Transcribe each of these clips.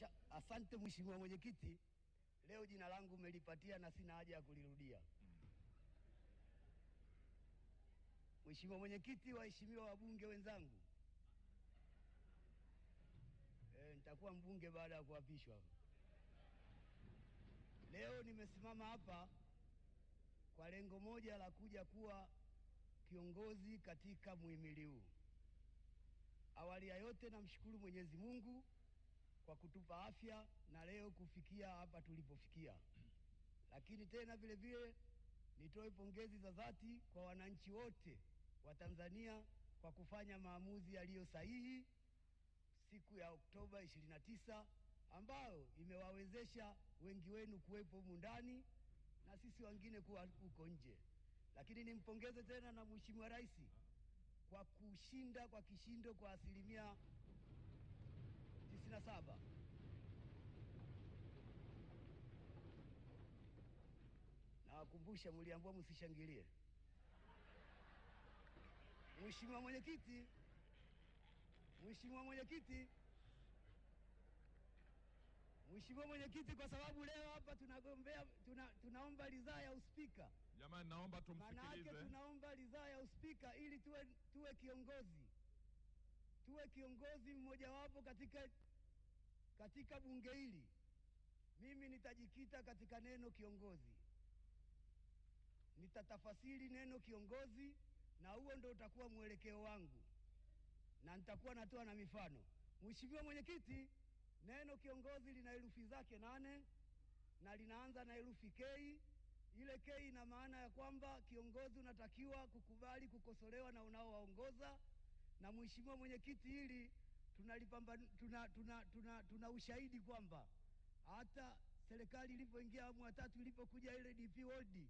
Asha, asante Mheshimiwa Mwenyekiti, leo jina langu umelipatia na sina haja ya kulirudia. Mheshimiwa Mwenyekiti, waheshimiwa wabunge wenzangu, e, nitakuwa mbunge baada ya kuapishwa. Leo nimesimama hapa kwa lengo moja la kuja kuwa kiongozi katika muhimili huu. Awali ya yote namshukuru Mwenyezi Mungu kwa kutupa afya na leo kufikia hapa tulipofikia. Lakini tena vile vile nitoe pongezi za dhati kwa wananchi wote wa Tanzania kwa kufanya maamuzi yaliyo sahihi siku ya Oktoba 29 ambayo imewawezesha wengi wenu kuwepo humu ndani na sisi wengine kuwa huko nje. Lakini nimpongeze tena na Mheshimiwa Rais kwa kushinda kwa kishindo kwa asilimia 57. Nawakumbusha, mliambua msishangilie. Mheshimiwa Mwenyekiti, Mheshimiwa Mwenyekiti, Mheshimiwa Mwenyekiti, kwa sababu leo hapa tunagombea tuna, tunaomba ridhaa ya uspika. Jamani, naomba tumsikilize. Maana yake tunaomba ridhaa ya uspika ili tuwe, tuwe kiongozi tuwe kiongozi mmojawapo katika katika bunge hili mimi nitajikita katika neno kiongozi, nitatafasiri neno kiongozi, na huo ndio utakuwa mwelekeo wangu, na nitakuwa natoa na mifano. Mheshimiwa Mwenyekiti, neno kiongozi lina herufi zake nane na linaanza na herufi K. Ile K ina maana ya kwamba kiongozi unatakiwa kukubali kukosolewa na unaowaongoza. Na mheshimiwa mwenyekiti, hili tunalipambana, tuna, tuna, tuna, tuna ushahidi kwamba hata serikali ilipoingia awamu ya tatu, ilipokuja ile DP World,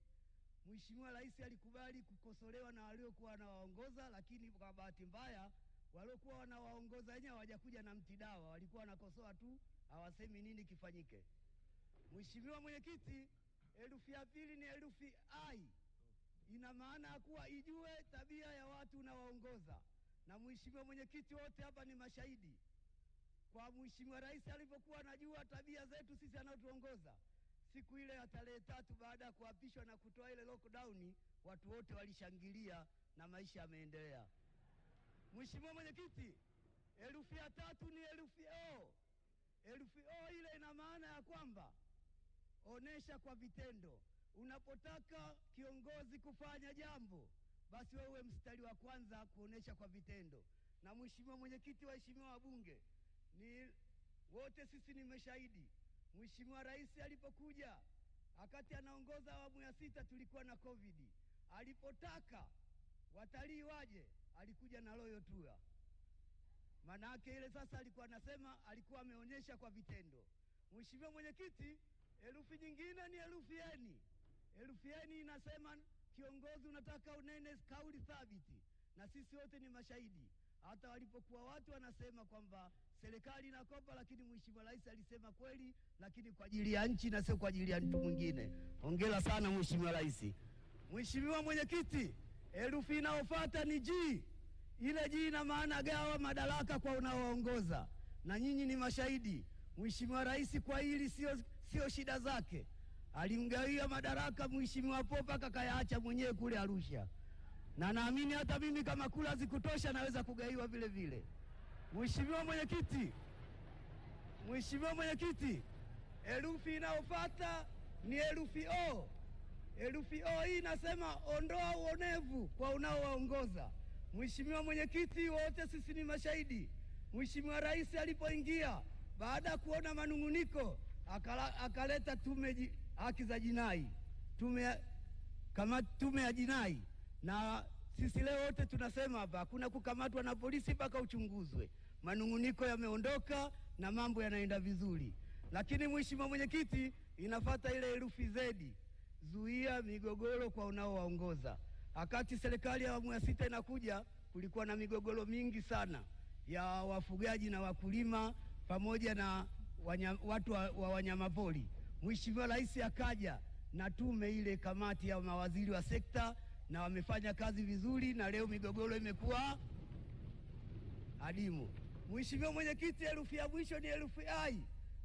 Mheshimiwa Rais alikubali kukosolewa na waliokuwa wanawaongoza, lakini kwa bahati mbaya waliokuwa wanawaongoza wenyewe hawajakuja na mti dawa walikuwa wanakosoa tu, hawasemi nini kifanyike. Mheshimiwa Mwenyekiti, herufi ya pili ni herufi I, ina maana ya kuwa ijue tabia ya watu unawaongoza na mheshimiwa mwenyekiti, wote hapa ni mashahidi kwa mheshimiwa rais alivyokuwa anajua tabia zetu sisi anaotuongoza. Siku ile ya tarehe tatu baada ya kuapishwa na kutoa ile lockdown, watu wote walishangilia na maisha yameendelea. Mheshimiwa mwenyekiti, herufi ya tatu ni herufi O. Herufi O ile ina maana ya kwamba onesha kwa vitendo. Unapotaka kiongozi kufanya jambo basi wewe mstari wa kwanza kuonesha kwa vitendo. Na mheshimiwa mwenyekiti, waheshimiwa wabunge, ni wote sisi ni mashahidi. Mheshimiwa Rais alipokuja wakati anaongoza awamu ya sita, tulikuwa na COVID. Alipotaka watalii waje, alikuja na Royal Tour. Maana yake ile sasa alikuwa anasema, alikuwa ameonyesha kwa vitendo. Mheshimiwa mwenyekiti, herufi nyingine ni herufi yeni Herufi eni inasema Kiongozi unataka unene kauli thabiti, na sisi wote ni mashahidi. Hata walipokuwa watu wanasema kwamba serikali inakopa, lakini mheshimiwa rais alisema kweli, lakini kwa ajili ya nchi na sio kwa ajili ya mtu mwingine. Hongera sana mheshimiwa rais. Mheshimiwa mwenyekiti, herufi inayofuata ni G. Ile G ina maana gawa madaraka kwa unaoongoza, na nyinyi ni mashahidi. Mheshimiwa rais kwa hili sio sio shida zake alimgawia madaraka mheshimiwa Popa kakayaacha mwenyewe kule Arusha, na naamini hata mimi kama kula zikutosha naweza kugaiwa vile vile. Mheshimiwa mwenyekiti, Mheshimiwa mwenyekiti, herufi inayofuata ni herufi O. Herufi O hii inasema ondoa uonevu kwa unaowaongoza. Mheshimiwa mwenyekiti, wote sisi ni mashahidi. Mheshimiwa Rais alipoingia baada ya kuona manung'uniko akala, akaleta tume haki za jinai tume, kama tume ya jinai na sisi leo wote tunasema hapa hakuna kukamatwa na polisi mpaka uchunguzwe. Manung'uniko yameondoka na mambo yanaenda vizuri, lakini mheshimiwa mwenyekiti, inafata ile herufi zedi, zuia migogoro kwa unaowaongoza. Wakati serikali ya awamu ya sita inakuja, kulikuwa na migogoro mingi sana ya wafugaji na wakulima pamoja na wanya, watu wa, wa wanyamapori Mheshimiwa Rais akaja na tume ile, kamati ya mawaziri wa sekta, na wamefanya kazi vizuri, na leo migogoro imekuwa adimu. Mheshimiwa Mwenyekiti, herufi ya mwisho ni herufi ai.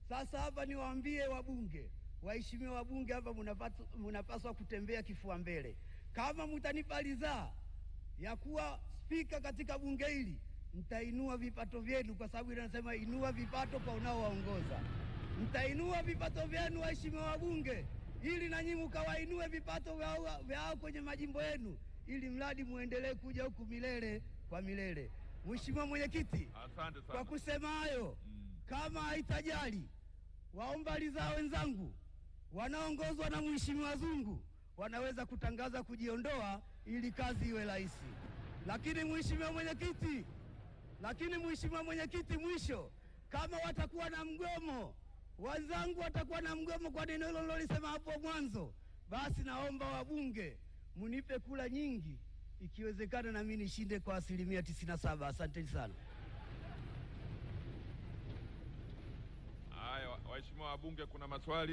Sasa hapa niwaambie wabunge, waheshimiwa wabunge, hapa mnapaswa kutembea kifua mbele. Kama mtanipa ridhaa ya kuwa spika katika bunge hili, nitainua vipato vyenu, kwa sababu inasema inua vipato kwa unaowaongoza mtainua vipato vyenu, waheshimiwa wabunge, ili na nyinyi mkawainue vipato vyao kwenye majimbo yenu, ili mradi muendelee kuja huku milele kwa milele. Mheshimiwa Mwenyekiti, kwa kusema hayo mm, kama haitajali waomba ridhaa wenzangu wanaoongozwa na mheshimiwa Zungu wanaweza kutangaza kujiondoa ili kazi iwe rahisi. Lakini mheshimiwa mwenyekiti, lakini mheshimiwa mwenyekiti, mwisho kama watakuwa na mgomo wenzangu watakuwa na mgomo kwa neno hilo nilolisema hapo mwanzo. Basi naomba wabunge mnipe kula nyingi, ikiwezekana nami nishinde kwa asilimia tisini na saba. Asanteni sana. Haya, waheshimiwa wabunge, kuna maswali.